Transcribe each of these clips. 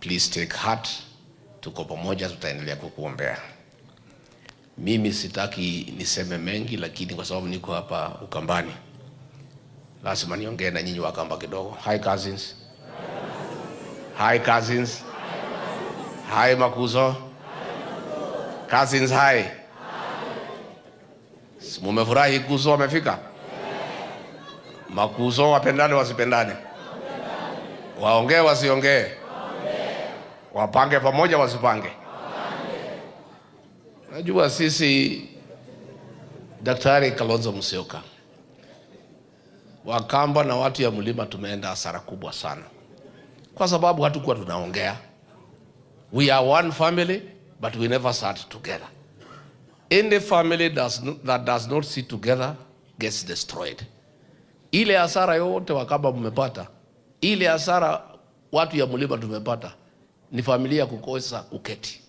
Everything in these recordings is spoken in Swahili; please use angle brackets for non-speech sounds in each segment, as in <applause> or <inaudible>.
Please take heart, tuko pamoja, tutaendelea kukuombea. Mimi sitaki niseme mengi, lakini kwa sababu niko hapa Ukambani, lazima niongee na nyinyi Wakamba kidogo. Hi cousins. Hi cousins. Hi Makuzo. Cousins hi. mumefurahi Kuzo amefika? Makuzo wapendane wasipendane, waongee wasiongee Wapange pamoja, wasipange. Najua sisi Daktari Kalonzo Musyoka, Wakamba na watu ya mlima tumeenda hasara kubwa sana, kwa sababu hatukuwa tunaongea. We are one family but we never sat together. Any family does not, that does not sit together gets destroyed. Ile hasara yote Wakamba mmepata, ile hasara watu ya mlima tumepata ni familia kukosa uketi,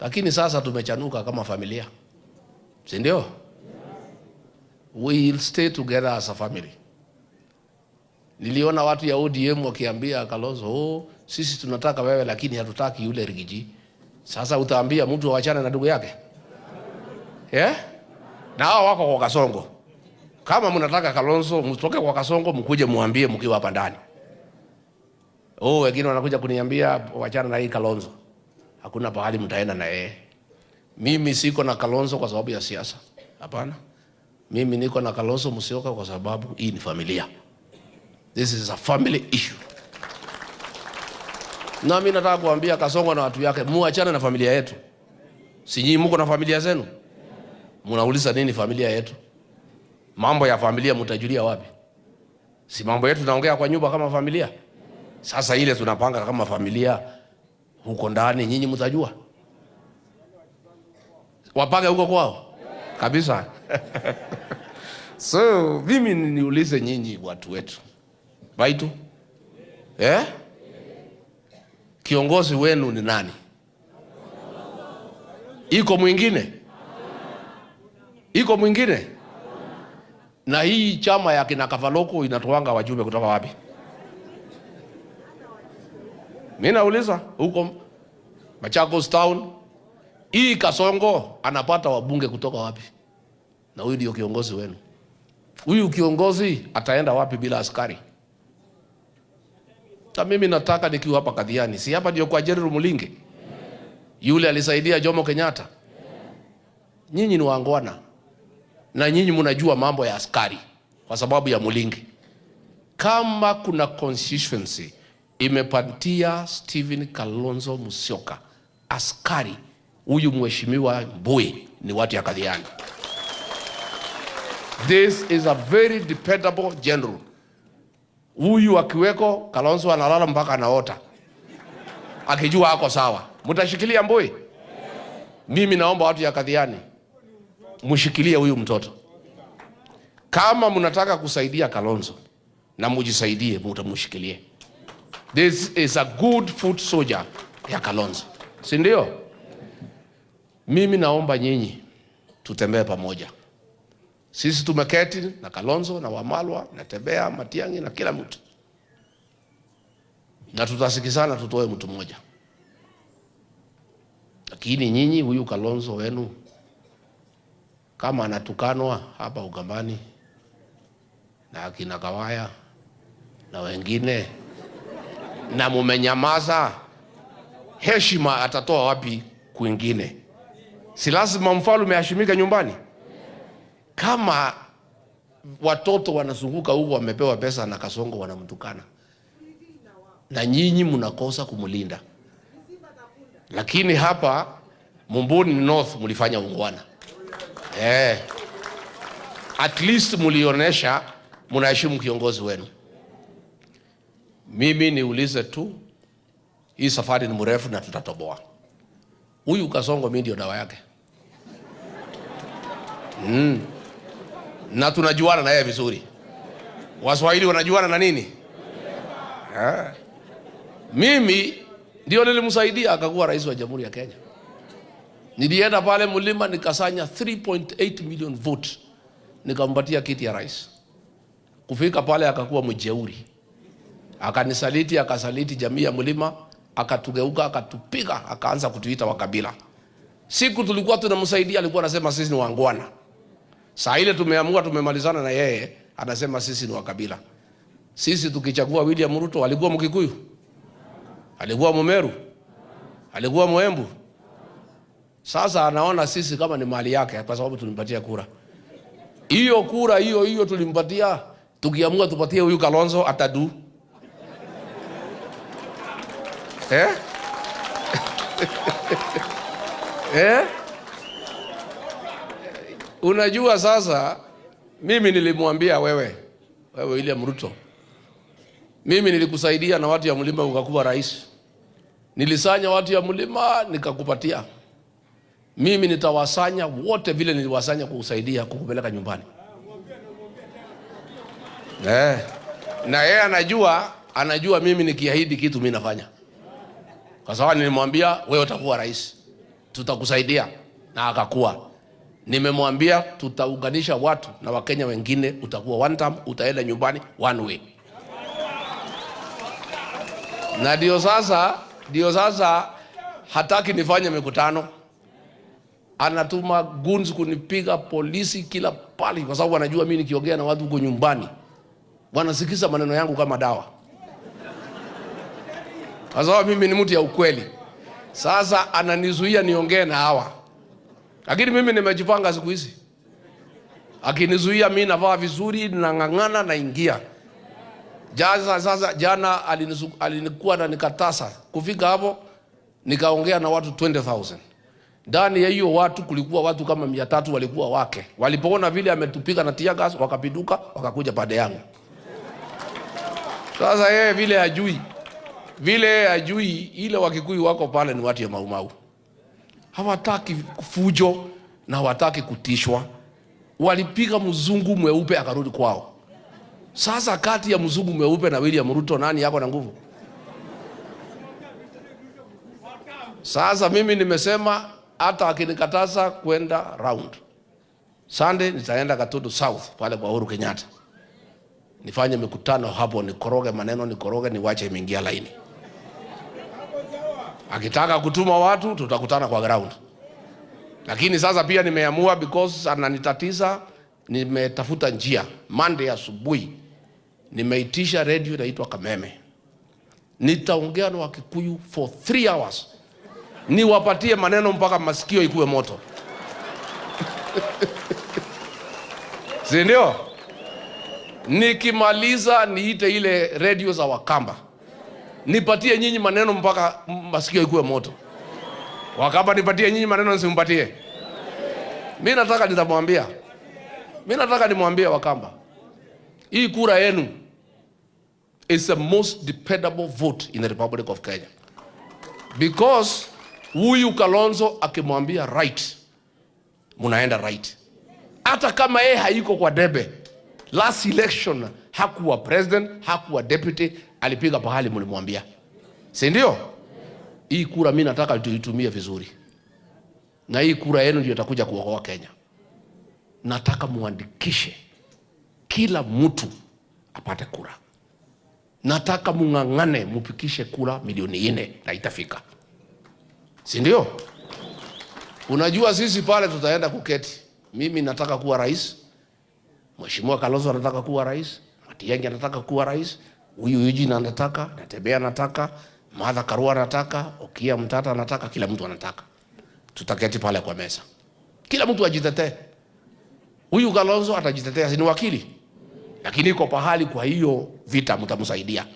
lakini sasa tumechanuka kama familia, si ndio? We will stay together as a family. Niliona watu ya ODM wakiambia Kalonzo, oh, sisi tunataka wewe lakini hatutaki yule Rigiji. Sasa utaambia mtu awachane na ndugu yake yeah? na hao wako kwa Kasongo. Kama mnataka Kalonzo mtoke kwa Kasongo, mkuje muambie mkiwa hapa ndani. Oh, wengine wanakuja kuniambia wachana na hii Kalonzo, hakuna pahali mtaenda na yeye. Mimi siko na Kalonzo kwa sababu ya siasa, hapana. Mimi niko na Kalonzo Musyoka kwa sababu hii ni familia, this is a family issue. Na mimi nataka kuambia Kasongo na watu yake, muachane na familia yetu. Si nyinyi mko na familia zenu, mnauliza nini familia yetu? Mambo ya familia mtajulia wapi? Si mambo yetu tunaongea kwa nyumba kama familia. Sasa ile tunapanga kama familia huko ndani, nyinyi mtajua, wapange huko kwao kabisa. <laughs> So mimi niulize nyinyi, watu wetu baitu, eh? Kiongozi wenu ni nani? Iko mwingine? Iko mwingine? Na hii chama ya kina Kavaloko inatoanga wajumbe kutoka wapi? Mi nauliza huko Machakos town hii Kasongo anapata wabunge kutoka wapi? Na huyu ndio kiongozi wenu. Huyu kiongozi ataenda wapi bila askari? Ta mimi nataka nikiwa hapa Kadhiani, si hapa ndio kwa Jerry Mulinge yule alisaidia Jomo Kenyatta. Nyinyi ni waangwana na nyinyi mnajua mambo ya askari kwa sababu ya Mulingi. Kama kuna constituency imepatia Stephen Kalonzo Musyoka, askari huyu mheshimiwa Mbui ni watu ya Kadhiani. This is a very dependable general. Huyu akiweko Kalonzo analala mpaka anaota akijua ako sawa. Mtashikilia Mbui? Mimi naomba watu ya Kadhiani mshikilie huyu mtoto. Kama mnataka kusaidia Kalonzo na mujisaidie, mtamshikilie. This is a good foot soldier ya Kalonzo, si ndio? Mimi naomba nyinyi tutembee pamoja. Sisi tumeketi na Kalonzo na Wamalwa na Tebea Matiang'i na kila mtu, na tutasikizana, tutoe mtu mmoja. Lakini nyinyi, huyu Kalonzo wenu kama anatukanwa hapa ugambani na akina Kawaya na wengine na mumenyamaza, heshima atatoa wapi kwingine? Si lazima mfalme aheshimike nyumbani? Kama watoto wanazunguka huko wamepewa pesa na kasongo wanamtukana, na nyinyi mnakosa kumlinda. Lakini hapa Mumbuni North mlifanya ungwana eh, at least mlionesha mnaheshimu kiongozi wenu. Mimi niulize tu, hii safari ni mrefu na tutatoboa. Huyu kasongo mimi ndio dawa yake mm. Na tunajuana na yeye vizuri, Waswahili wanajuana na nini ha. Mimi ndio nilimsaidia akakuwa rais wa Jamhuri ya Kenya. Nilienda pale mlima nikasanya 3.8 million vote nikampatia kiti ya rais. Kufika pale akakuwa mjeuri Akanisaliti, akasaliti jamii ya mlima, akatugeuka, akatupiga, akaanza kutuita wakabila. Siku tulikuwa tunamsaidia, alikuwa anasema sisi ni wangwana. Saa ile tumeamua, tumemalizana na yeye, anasema sisi ni wakabila. Sisi tukichagua William Ruto, alikuwa Mkikuyu, alikuwa Mumeru, alikuwa Mwembu. Sasa anaona sisi kama ni mali yake, kwa sababu tulimpatia kura hiyo. Kura hiyo hiyo tulimpatia, tukiamua tupatie huyu Kalonzo atadu É? Eh? É? Eh? Unajua sasa mimi nilimwambia wewe, wewe William Ruto, mimi nilikusaidia na watu ya mlima ukakuwa rais, nilisanya watu ya mlima nikakupatia. Mimi nitawasanya wote vile niliwasanya kukusaidia kukupeleka nyumbani eh. Na yeye anajua, anajua mimi nikiahidi kitu mimi nafanya kwa sababu nilimwambia wewe utakuwa rais, tutakusaidia na akakuwa. Nimemwambia tutaunganisha watu na wakenya wengine, utakuwa one term, utaenda nyumbani one way. Na ndio sasa, ndio sasa hataki nifanye mikutano, anatuma guns kunipiga polisi kila pali, kwa sababu anajua mimi nikiongea na watu huko nyumbani wanasikiza maneno yangu kama dawa kwa sababu mimi ni mtu ya ukweli. Sasa ananizuia niongee na hawa, lakini mimi nimejipanga siku hizi. Akinizuia mimi navaa vizuri, nang'ang'ana, naingia Jaza, sasa jana alinikuwa na nikatasa kufika hapo, nikaongea na watu 20000 ndani ya hiyo watu kulikuwa watu kama mia tatu walikuwa wake. Walipoona vile ametupika na tia gas, wakapiduka wakakuja pande yangu. Sasa yeye vile hajui vile ajui ile wakikui wako pale ni watu ya maumau, hawataki fujo na hawataki kutishwa. Walipiga mzungu mweupe akarudi kwao. Sasa kati ya mzungu mweupe na William Ruto nani yako na nguvu? Sasa mimi nimesema hata akinikataza kwenda round Sunday nitaenda Katutu South pale kwa Uhuru Kenyatta nifanye mikutano hapo, nikoroge maneno, nikoroge niwache imeingia laini. Akitaka kutuma watu tutakutana kwa ground. Lakini sasa pia nimeamua because ananitatiza, nimetafuta njia. Monday asubuhi nimeitisha radio inaitwa Kameme. Nitaongea na Wakikuyu for three hours. Niwapatie maneno mpaka masikio ikuwe moto. <laughs> Si ndio? Nikimaliza niite ile radio za Wakamba nipatie nyinyi maneno mpaka masikio ikuwe moto, Wakapa nipatie nyinyi maneno nisimpatie Mi Nataka nitamwambia, mi nataka nimwambie Wakamba, hii kura yenu is the most dependable vote in the Republic of Kenya because huyu Kalonzo akimwambia right, munaenda right, hata kama yeye haiko kwa debe. Last election hakuwa president, hakuwa deputy alipiga pahali mlimwambia, si ndio? Hii kura mimi nataka tuitumie vizuri, na hii kura yenu ndio itakuja kuokoa Kenya. Nataka muandikishe kila mtu apate kura. Nataka mung'ang'ane mupikishe kura milioni nne na itafika, si ndio? Unajua sisi pale tutaenda kuketi. Mimi nataka kuwa rais, Mheshimiwa Kalonzo anataka kuwa rais, Matiang'i anataka kuwa rais huyu Eugene anataka, Natembeya anataka, Martha Karua anataka, Okiya Mtata anataka, kila mtu anataka. Tutaketi pale kwa meza, kila mtu ajitetee. Huyu Kalonzo atajitetea, si ni wakili, lakini iko pahali. Kwa hiyo vita mtamsaidia,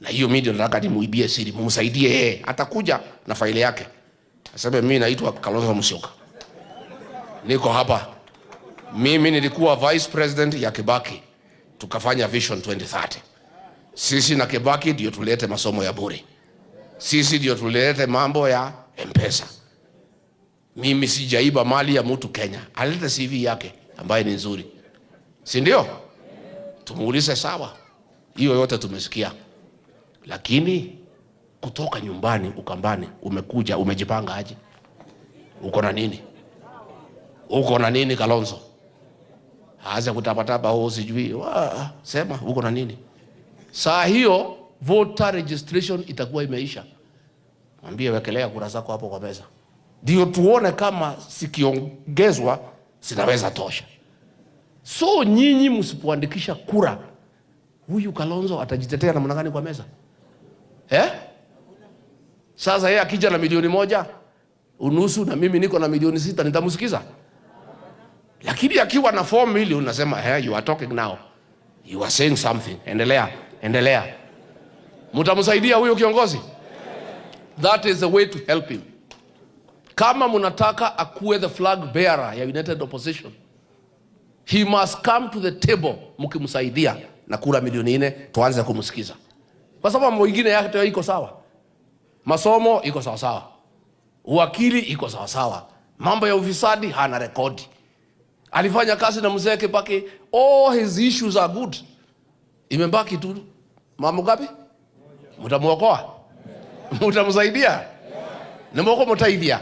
na hiyo mimi ndio nataka nimuibie siri, mumsaidie yeye. Atakuja na faili yake, aseme mimi naitwa Kalonzo Musyoka, niko hapa mimi nilikuwa vice president ya Kibaki, tukafanya vision 2030. Sisi na Kibaki ndio tulete masomo ya bure, sisi ndio tulete mambo ya Mpesa. Mimi sijaiba mali ya mtu Kenya, alete CV yake ambaye ni nzuri, si ndio? Tumuulize, sawa, hiyo yote tumesikia, lakini kutoka nyumbani Ukambani umekuja umejipanga aje? Uko na nini? Uko na nini Kalonzo? Aanze kutapatapa, oh, sijui sema uko na nini? saa hiyo voter registration itakuwa imeisha. Mwambie wekelea kura zako hapo kwa meza, ndio tuone kama sikiongezwa zinaweza tosha. So nyinyi msipoandikisha kura, huyu Kalonzo atajitetea namna gani kwa meza eh? Sasa yeye akija na milioni moja unusu na mimi niko na milioni sita nitamsikiza? Lakini akiwa na 4 milioni unasema hey, eh, you are talking now, you are saying something. Endelea. Endelea, mtamsaidia huyo kiongozi. That is the way to help him. Kama mnataka akuwe the flag bearer ya United Opposition, he must come to the table mkimsaidia na kura milioni nne, tuanze kumsikiza, kwa sababu mambo mengine yake iko sawa. Masomo iko sawa sawa, uwakili iko sawa sawa, mambo ya ufisadi hana rekodi, alifanya kazi na mzee Kibaki, all his issues are good, imebaki tu mambo ngapi? Mutamuokoa, mutamsaidia nimoko, mutaidia.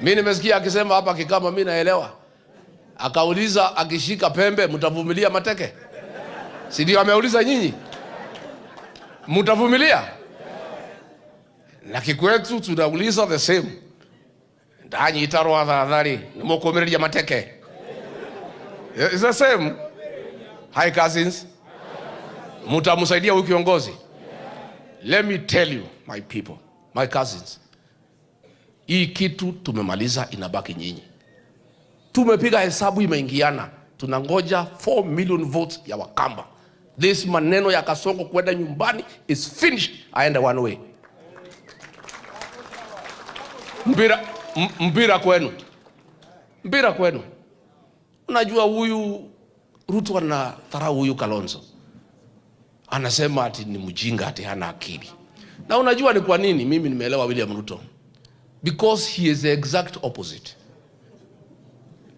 Mi nimesikia akisema hapa Kikama, mi naelewa. Akauliza, akishika pembe mtavumilia mateke? Si ndio ameuliza nyinyi, mtavumilia Na kikwetu tunauliza the same ndanyi itarwa tharathari nimokumiria mateke, is the same. Hi cousins Mtamsaidia huyu kiongozi? Let me tell you my people, my cousins, hii kitu tumemaliza, inabaki nyinyi. Tumepiga hesabu, imeingiana, tunangoja 4 million votes ya Wakamba. This maneno ya Kasongo kwenda nyumbani is finished, aende one way. Mpira, mpira kwenu, mpira kwenu. Unajua huyu Ruto na tharau huyu Kalonzo anasema ati ni mjinga, ati hana akili. Na unajua ni kwa nini mimi nimeelewa William Ruto, because he is the exact opposite.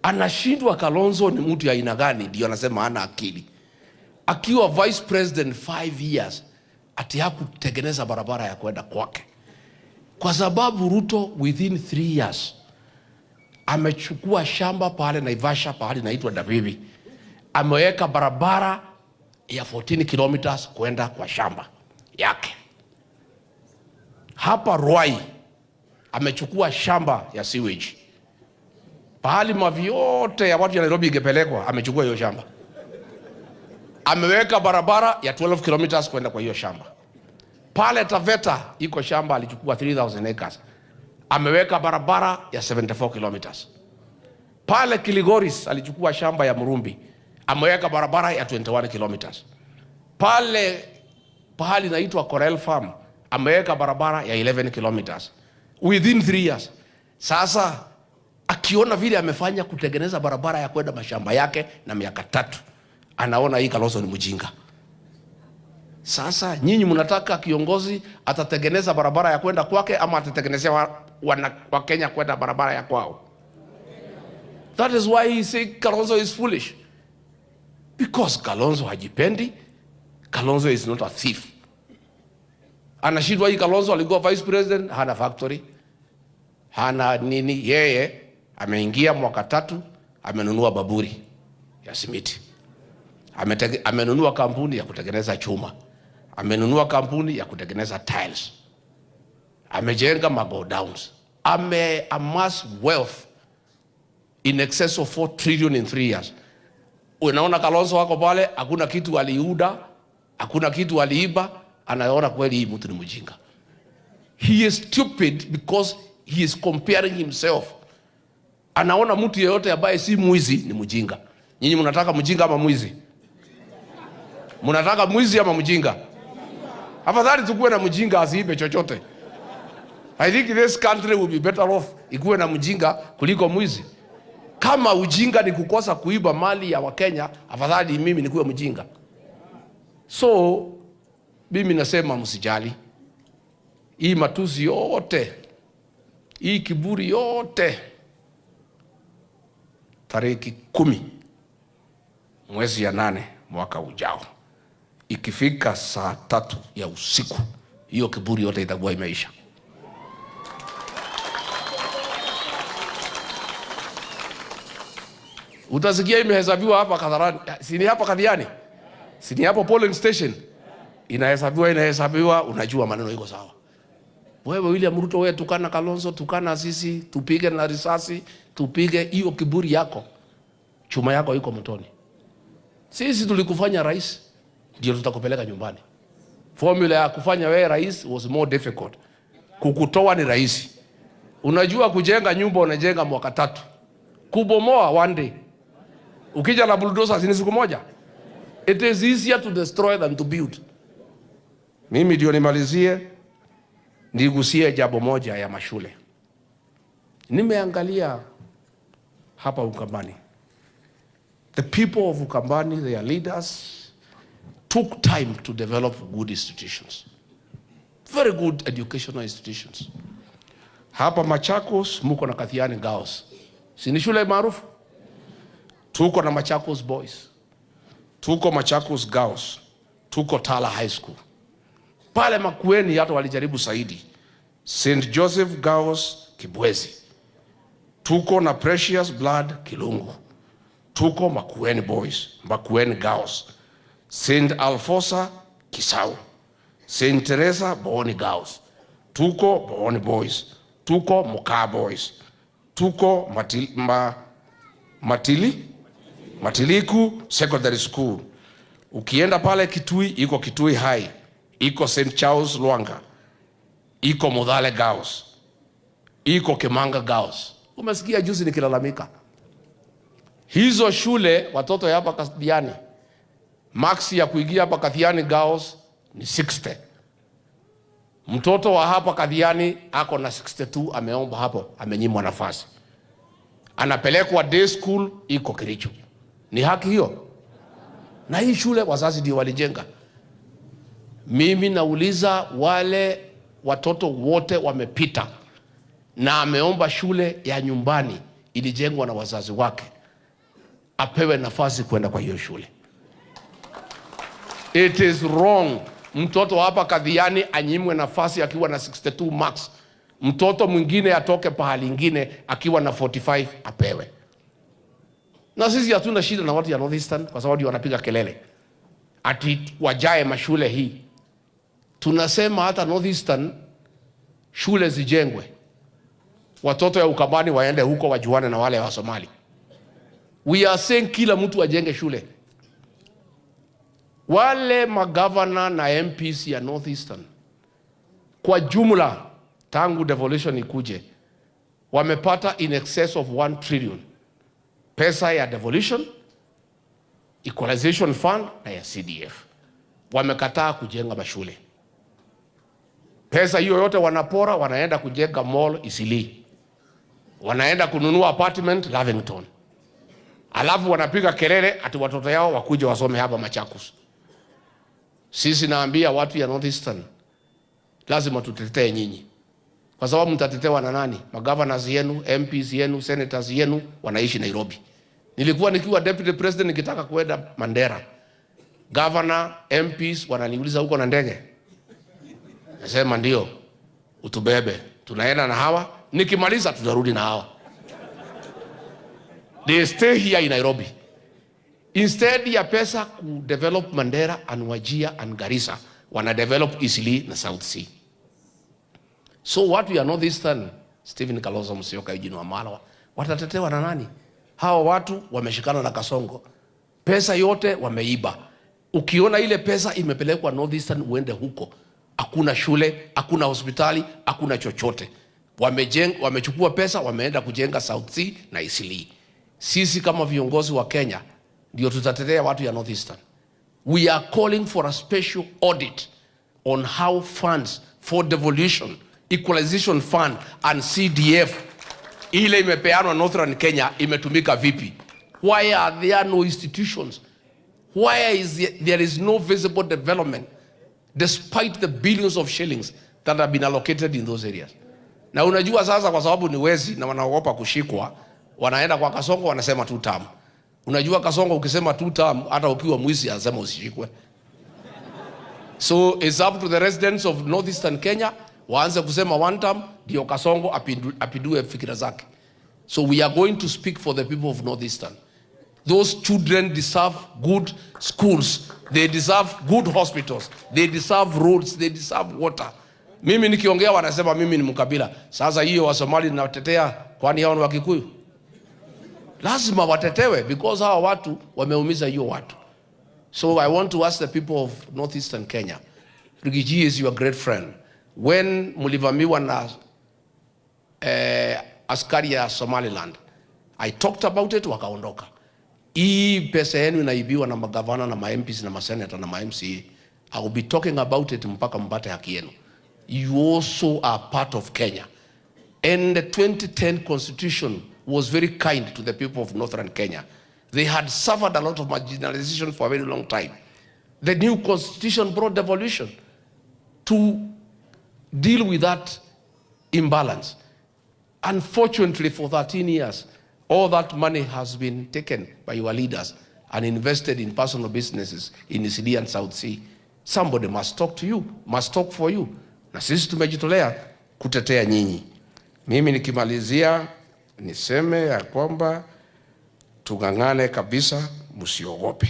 Anashindwa Kalonzo ni mtu ya aina gani ndio anasema hana akili, akiwa vice president 5 years ati hakutengeneza barabara ya kwenda kwake, kwa sababu Ruto within 3 years amechukua shamba pale Naivasha, pale naitwa Dabibi, ameweka barabara ya 14 kilometers kwenda kwa shamba yake. Hapa Ruai amechukua shamba ya sewage, pahali mavi yote ya watu ya Nairobi ingepelekwa, amechukua hiyo shamba, ameweka barabara ya 12 kilometers kwenda kwa hiyo shamba. Pale Taveta iko shamba alichukua 3000 acres, ameweka barabara ya 74 kilometers. Pale Kiligoris alichukua shamba ya Murumbi ameweka barabara ya 21 kilometers pale pahali inaitwa Corel Farm ameweka barabara ya 11 kilometers within 3 years. Sasa akiona vile amefanya kutengeneza barabara ya kwenda mashamba yake na miaka tatu, anaona hii Kalonzo ni mjinga. Sasa nyinyi mnataka kiongozi atatengeneza barabara ya kwenda kwake ama atatengenezea wa, wa, wa Kenya kwenda barabara ya kwao? That is why he say Kalonzo is foolish because Kalonzo hajipendi. Kalonzo is not a thief. Anashindwa hii. Kalonzo alikuwa vice president, hana factory, hana nini. Yeye ameingia mwaka tatu, amenunua baburi ya simiti, amenunua kampuni ya kutengeneza chuma, amenunua kampuni ya kutengeneza tiles, amejenga magodowns, ame amass wealth in excess of 4 trillion in 3 years Unaona Kalonzo wako pale, hakuna kitu aliuda, hakuna kitu aliiba, anaona kweli hii mtu ni mjinga. He is stupid because he is comparing himself. Anaona mtu yeyote ambaye si mwizi ni mjinga. Nyinyi mnataka mjinga ama mwizi? Mnataka mwizi ama mjinga? Afadhali tukuwe na mjinga asiibe chochote. I think this country will be better off ikuwe na mjinga kuliko mwizi. Kama ujinga ni kukosa kuiba mali ya Wakenya, afadhali mimi nikuwe mjinga. So mimi nasema msijali hii matusi yote, hii kiburi yote. Tariki kumi mwezi ya nane mwaka ujao, ikifika saa tatu ya usiku, hiyo kiburi yote itakuwa imeisha. Utasikia imehesabiwa hapa Kasarani, si ni hapa Kadiani, si ni hapo polling station, inahesabiwa inahesabiwa, unajua maneno iko sawa. Wewe William Ruto, wewe tukana Kalonzo, tukana sisi, tupige na risasi, tupige hiyo kiburi yako, chuma yako iko mtoni. Sisi tulikufanya rais, ndio tutakupeleka nyumbani. Formula ya kufanya wewe rais was more difficult, kukutoa ni rahisi. Unajua kujenga nyumba unajenga mwaka tatu, kubomoa one day Ukija na bulldozer ni siku moja. It is easier to destroy than to build. Mimi ndio nimalizie nigusie jambo moja ya mashule. Nimeangalia hapa Ukambani. The people of Ukambani, their leaders took time to develop good institutions. Very good educational institutions. Hapa Machakos muko na Kathiani Girls. Si ni shule maarufu? tuko na Machakos Boys, tuko Machakos Girls, tuko Tala High School pale Makueni, hata walijaribu zaidi. St Joseph Girls Kibwezi, tuko na Precious Blood Kilungu, tuko Makueni Boys, Makueni Girls, St Alfosa Kisau, St Teresa Booni Girls, tuko Booni Boys, tuko Mukaa Boys, tuko Matili, ma, Matili Matiliku Secondary School. Ukienda pale Kitui, iko Kitui High, iko St Charles Lwanga, iko Mudhale Girls, iko Kimanga Girls. Umesikia juzi nikilalamika hizo shule watoto ya hapa Kathiani, max ya kuingia hapa Kathiani Girls ni 60. Mtoto wa hapa Kathiani ako na 62, ameomba hapo, amenyimwa nafasi, anapelekwa day school iko Kericho. Ni haki hiyo, na hii shule wazazi ndio walijenga. Mimi nauliza wale watoto wote wamepita, na ameomba shule ya nyumbani ilijengwa na wazazi wake, apewe nafasi kwenda kwa hiyo shule. It is wrong mtoto hapa Kadhiani anyimwe nafasi akiwa na 62 marks, mtoto mwingine atoke pahali ingine akiwa na 45 apewe. Na sisi hatuna shida na watu ya Eastern kwa sababu wanapiga kelele ati wajae mashule hii. Tunasema hata Eastern shule zijengwe, watoto ya Ukambani waende huko wajuane na wale wa Somali. We are saying kila mtu ajenge shule. Wale magavana na MPs ya Eastern kwa jumla tangu devolution ikuje wamepata in excess of 1 trillion pesa ya devolution, equalization fund na ya CDF. Wamekataa kujenga mashule. Pesa hiyo yote wanapora, wanaenda kujenga mall Isili, wanaenda kununua apartment Lavington, alafu wanapiga kelele ati watoto yao wakuje wasome hapa Machakus. Sisi naambia watu ya Northeastern lazima tutetee nyinyi kwa sababu mtatetewa na nani? Magavana yenu, MPs yenu, senators yenu wanaishi Nairobi. Nilikuwa nikiwa deputy president nikitaka kuenda Mandera, governor MPs wananiuliza huko na ndege, nasema ndio, utubebe tunaenda na hawa, nikimaliza tutarudi na hawa. They stay here in Nairobi instead ya pesa ku develop Mandera and Wajia and Garissa, wana develop Isili na South Sea. So watu ya North Eastern, Stephen Kalonzo Musyoka, Eugene Wamalwa watatetewa na nani? Hawa watu wameshikana na Kasongo, pesa yote wameiba. Ukiona ile pesa imepelekwa North Eastern, uende huko, hakuna shule, hakuna hospitali, hakuna chochote. Wamejeng, wamechukua pesa, wameenda kujenga South Sea na Eastleigh. Sisi kama viongozi wa Kenya ndio tutatetea watu ya North Eastern. We are calling for a special audit on how funds for devolution Equalization Fund and CDF ile imepeanwa Northern Kenya imetumika vipi? Why are there no institutions? Why is there, there is no visible development despite the billions of shillings that have been allocated in those areas? Na unajua sasa, kwa sababu ni wezi na wanaogopa kushikwa, wanaenda kwa Kasongo wanasema tu tamu. Unajua Kasongo ukisema tu tamu, hata ukiwa mwizi anasema usishikwe. So it's up to the residents of northeastern Kenya waanze kusema one term ndio Kasongo apindue fikira zake. So we are going to speak for the people of Northeastern. Those children deserve good schools. They deserve good hospitals. They deserve roads. They deserve water. Mimi nikiongea wanasema mimi ni mkabila. Sasa hiyo Wasomali natetea kwani hao ni Wakikuyu? Lazima watetewe because hawa watu wameumiza hiyo watu. So I want to ask the people of Northeastern Kenya. Rigiji is your great friend when mulivamiwa na eh, askari ya Somaliland, I talked about it, wakaondoka. Hii pesa yenu inaibiwa na magavana na ma na masenata na mamc MCA. I will be talking about it mpaka mpate haki yenu. You also are part of Kenya. And the 2010 constitution was very kind to the people of northern Kenya. They had suffered a lot of marginalization for a very long time. The new constitution brought devolution to deal with that imbalance. Unfortunately, for 13 years, all that money has been taken by your leaders and invested in personal businesses in the Sea and South Sea. Somebody must talk to you, must talk for you. Na sisi tumejitolea kutetea nyinyi. Mimi nikimalizia niseme ya kwamba tung'ang'ane kabisa, msiogope,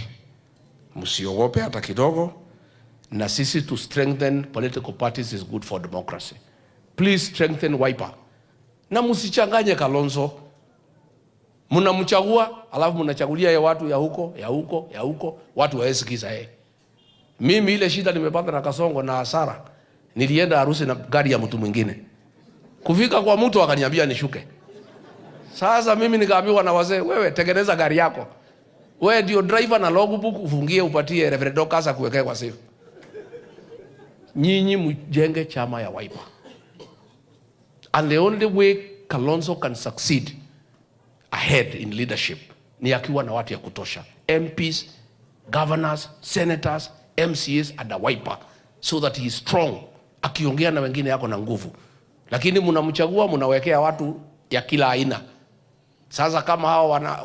msiogope hata kidogo na sisi to strengthen political parties is good for democracy. Please strengthen Wiper. Na musichanganye Kalonzo. Mnamchagua alafu mnachagulia ya watu ya huko, ya huko, ya huko, watu waesikiza ye. Eh. Mimi ile shida nimepata na Kasongo na hasara. Nilienda harusi na gari ya mtu mwingine. Kufika kwa mtu akaniambia nishuke. Sasa mimi nikaambiwa na wazee, wewe tengeneza gari yako. Wewe ndio driver na logbook ufungie upatie Reverend Dokasa kuwekea kwa sifa nyinyi mjenge chama ya Wiper. And the only way Kalonzo can succeed ahead in leadership ni akiwa na watu ya kutosha, MPs, governors, senators, MCAs and a Wiper so that he is strong. Akiongea na wengine yako na nguvu, lakini mnamchagua mnawekea watu ya kila aina. Sasa kama hawa wana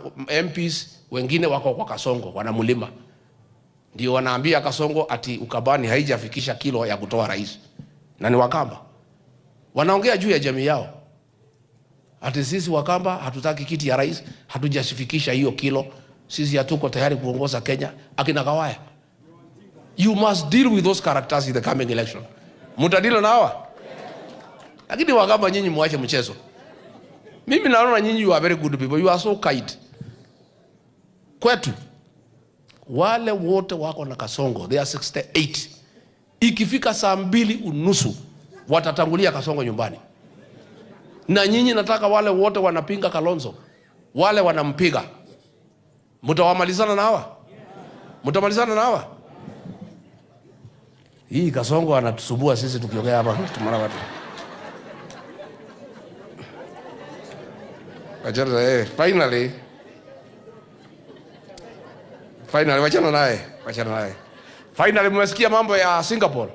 MPs wengine wako kwa Kasongo, wana mlima ndio wanaambia Kasongo ati Ukambani haijafikisha kilo ya kutoa rais, na ni Wakamba wanaongea juu ya jamii yao, ati sisi Wakamba hatutaki kiti ya rais, hatujafikisha hiyo kilo, sisi hatuko tayari kuongoza Kenya. Akina Kawaya, you must deal with those characters in the coming election. Mtadilo na hawa, lakini Wakamba nyinyi muache mchezo. Mimi naona nyinyi you are very good people, you are so kind kwetu wale wote wako na kasongo, they are 68. Ikifika saa mbili unusu watatangulia kasongo nyumbani. Na nyinyi nataka wale wote wanapinga Kalonzo, wale wanampiga, mtawamalizana na hawa, mtamalizana na hawa. Hii kasongo anatusumbua sisi tukiongea hapa, tumara watu Finally Finally wachana naye, wachana naye. Finally mmesikia mambo ya Singapore?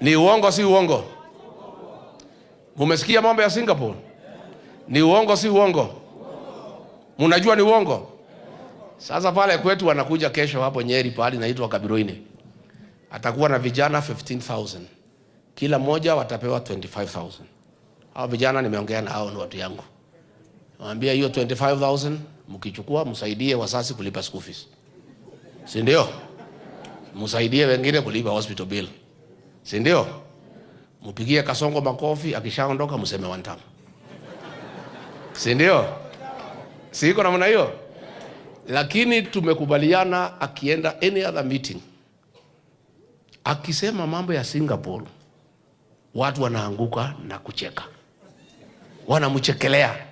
Ni uongo si uongo? Mmesikia mambo ya Singapore? Ni uongo si uongo? Mnajua ni uongo? Sasa pale kwetu wanakuja kesho hapo Nyeri pahali naitwa Kabiroini. Atakuwa na vijana 15,000. Kila mmoja watapewa 25,000. Hao vijana nimeongea na hao ni watu yangu. Naambia hiyo 25000 mkichukua msaidie wasasi kulipa school fees. Si ndio? Msaidie wengine kulipa hospital bill. Si ndio? Mpigie Kasongo makofi akishaondoka mseme time. Si ndio? Si iko namna hiyo? Lakini tumekubaliana akienda any other meeting akisema mambo ya Singapore watu wanaanguka na kucheka, wanamchekelea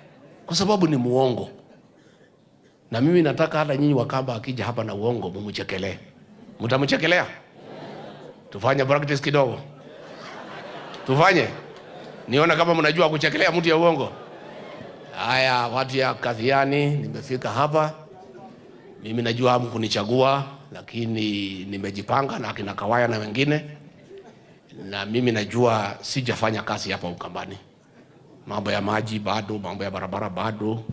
kwa sababu ni muongo. Na mimi nataka hata nyinyi Wakamba akija hapa na uongo mumchekelee. Mtamchekelea? Tufanye practice kidogo. Tufanye. Niona kama mnajua kuchekelea mtu ya uongo. Haya, watu ya Kadhiani, nimefika hapa. Mimi najua hamkunichagua, lakini nimejipanga na akina Kawaya na wengine, na mimi najua sijafanya kazi hapa Ukambani mambo ya maji bado, mambo ya barabara bado.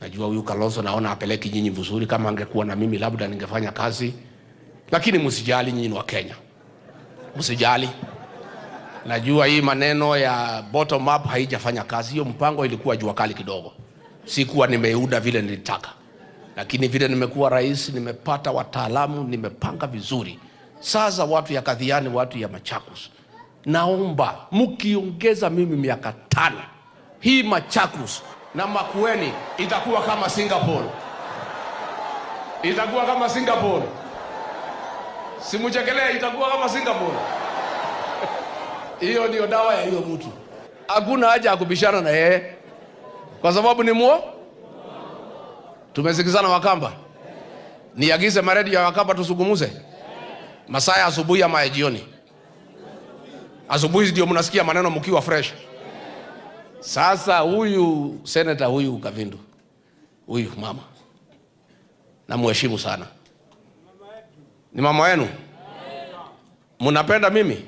Najua huyu Kalonzo naona apeleki nyinyi vizuri. Kama angekuwa na mimi, labda ningefanya kazi, lakini msijali, nyinyi wa Kenya msijali. Najua hii maneno ya bottom up haijafanya kazi. Hiyo mpango ilikuwa jua kali kidogo, sikuwa nimeuda vile nilitaka, lakini vile nimekuwa rais, nimepata wataalamu, nimepanga vizuri. Sasa watu ya Kadhiani, watu ya Machakos, naomba mkiongeza mimi miaka tano hii Machakos na Makueni itakuwa kama Singapore, itakuwa kama Singapore. Simuchekelea, itakuwa kama Singapore. Hiyo ndio dawa ya hiyo mtu. Hakuna haja ya kubishana na yeye kwa sababu ni muo. Tumesikizana Wakamba, niagize maredi ya Wakamba tusugumuze masaa ya asubuhi ama ya jioni. Asubuhi ndio mnasikia maneno mkiwa fresh. Sasa huyu seneta huyu Kavindu huyu mama namuheshimu sana, ni mama wenu. Mnapenda mimi,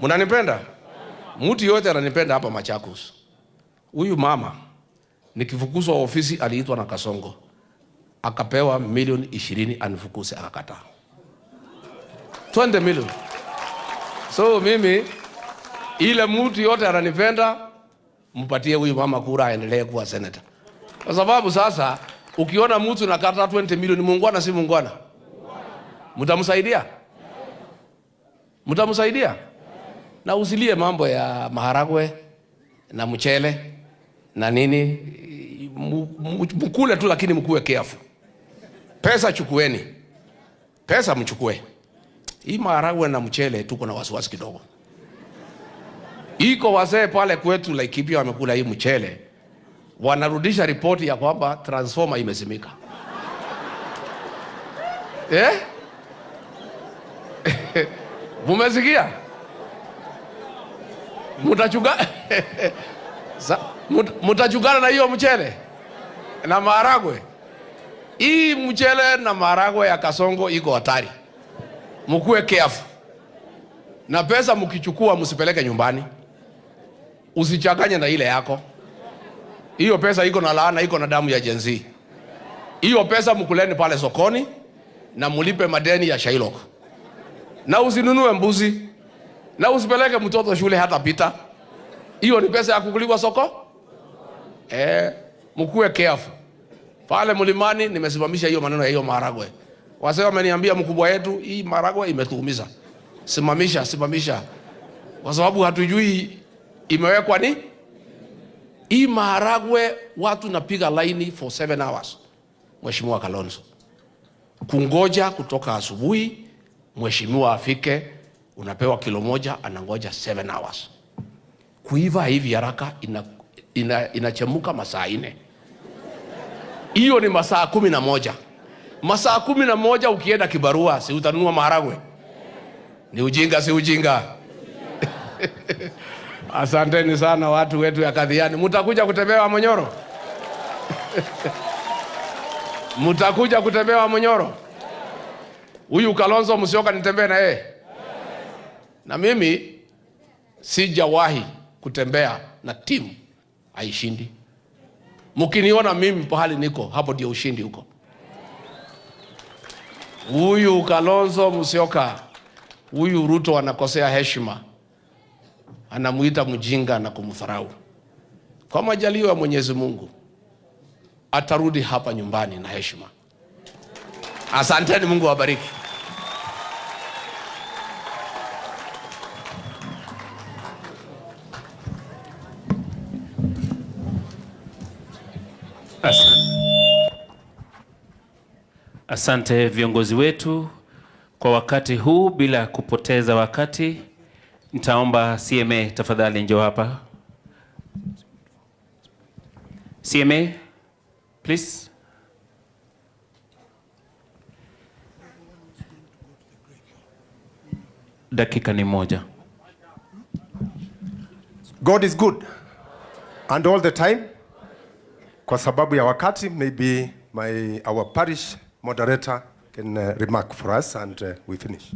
mnanipenda, mtu yote ananipenda hapa Machakos. Huyu mama nikifukuzwa ofisi aliitwa na Kasongo akapewa milioni ishirini anifukuse, akakataa 20 million. So mimi ile mtu yote ananipenda mpatie huyu mama kura aendelee kuwa senator. kwa sababu sasa ukiona mtu kata 20 milioni, muungwana si muungwana? Mtamsaidia, mtamsaidia na usilie mambo ya maharagwe na mchele na nini, mkule tu, lakini mkuwe careful. Pesa chukueni, pesa mchukue. Hii maharagwe na mchele tuko na wasiwasi kidogo. Iko wazee pale kwetu Laikipia wamekula hii mchele, wanarudisha ripoti ya kwamba transformer imezimika <laughs> eh? <laughs> Mumesikia? Mutachugana <laughs> mutachugana na hiyo mchele na maharagwe. Hii mchele na maharagwe ya Kasongo iko hatari, mukue kiafu na pesa mukichukua musipeleke nyumbani usichanganye na ile yako. Hiyo pesa iko na laana, iko na damu ya jenzi. Hiyo pesa mkuleni pale sokoni na mulipe madeni ya Shailok, na usinunue mbuzi na usipeleke mtoto shule hata pita. Hiyo ni pesa ya kukuliwa soko eh. Mkuwe careful pale mlimani. Nimesimamisha hiyo maneno ya hiyo maragwe. Wase wameniambia mkubwa yetu, hii maragwe imetuumiza. Simamisha, simamisha, kwa sababu hatujui imewekwa ni hii maharagwe, watu napiga laini for seven hours. Mheshimiwa Kalonzo kungoja kutoka asubuhi, mheshimiwa afike, unapewa kilo moja, anangoja seven hours. Kuiva hivi haraka inachemuka, ina, ina masaa ine, hiyo ni masaa kumi na moja. Masaa kumi na moja ukienda kibarua, si utanunua maharagwe? Ni ujinga, si ujinga? <laughs> Asanteni sana watu wetu ya Kadhiani, mutakuja kutembewa Monyoro mutakuja kutembewa Monyoro. Huyu Kalonzo Musyoka nitembee na yeye, na mimi sijawahi kutembea na timu haishindi. Mkiniona mimi pahali niko hapo, ndio ushindi huko. Huyu Kalonzo Musyoka, huyu Ruto anakosea heshima anamuita mjinga na kumdharau. Kwa majaliwa Mwenyezi Mungu atarudi hapa nyumbani na heshima. Asanteni, Mungu awabariki. Asante viongozi wetu kwa wakati huu. Bila kupoteza wakati, nitaomba CMA tafadhali njoo hapa. CMA please. Dakika ni moja. God is good and all the time. Kwa sababu ya wakati, maybe my our parish moderator can uh, remark for us and uh, we finish.